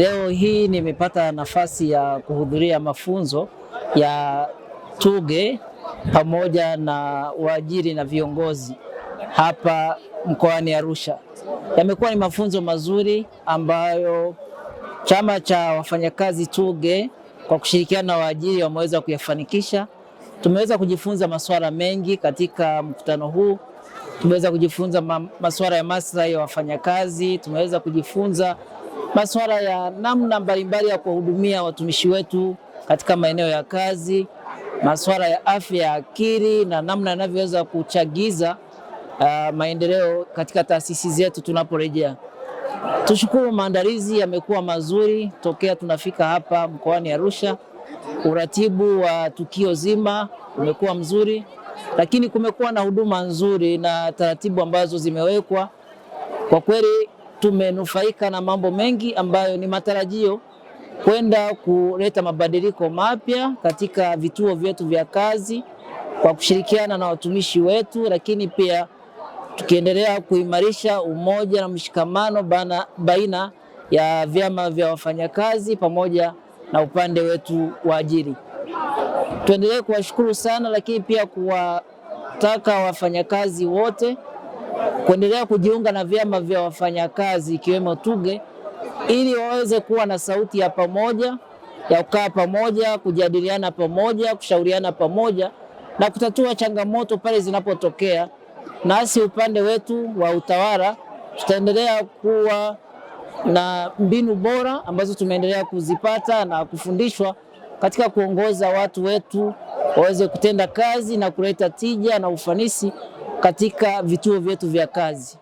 Leo hii nimepata nafasi ya kuhudhuria mafunzo ya TUGHE pamoja na waajiri na viongozi hapa mkoani Arusha. Yamekuwa ni mafunzo mazuri ambayo chama cha wafanyakazi TUGHE kwa kushirikiana na waajiri wameweza kuyafanikisha. Tumeweza kujifunza masuala mengi katika mkutano huu. Tumeweza kujifunza masuala ya maslahi ya wafanyakazi, tumeweza kujifunza masuala ya namna mbalimbali ya kuwahudumia watumishi wetu katika maeneo ya kazi, masuala ya afya ya akili na namna yanavyoweza kuchagiza uh, maendeleo katika taasisi zetu tunaporejea. Tushukuru, maandalizi yamekuwa mazuri tokea tunafika hapa mkoani Arusha. Uratibu wa tukio zima umekuwa mzuri, lakini kumekuwa na huduma nzuri na taratibu ambazo zimewekwa kwa kweli tumenufaika na mambo mengi ambayo ni matarajio kwenda kuleta mabadiliko mapya katika vituo vyetu vya kazi kwa kushirikiana na watumishi wetu, lakini pia tukiendelea kuimarisha umoja na mshikamano bana, baina ya vyama vya wafanyakazi pamoja na upande wetu wa ajiri. Tuendelee kuwashukuru sana, lakini pia kuwataka wafanyakazi wote kuendelea kujiunga na vyama vya wafanyakazi ikiwemo tuge ili waweze kuwa na sauti ya pamoja ya kukaa pamoja, kujadiliana pamoja, kushauriana pamoja na kutatua changamoto pale zinapotokea. Nasi upande wetu wa utawala tutaendelea kuwa na mbinu bora ambazo tumeendelea kuzipata na kufundishwa katika kuongoza watu wetu waweze kutenda kazi na kuleta tija na ufanisi katika vituo vyetu vya kazi.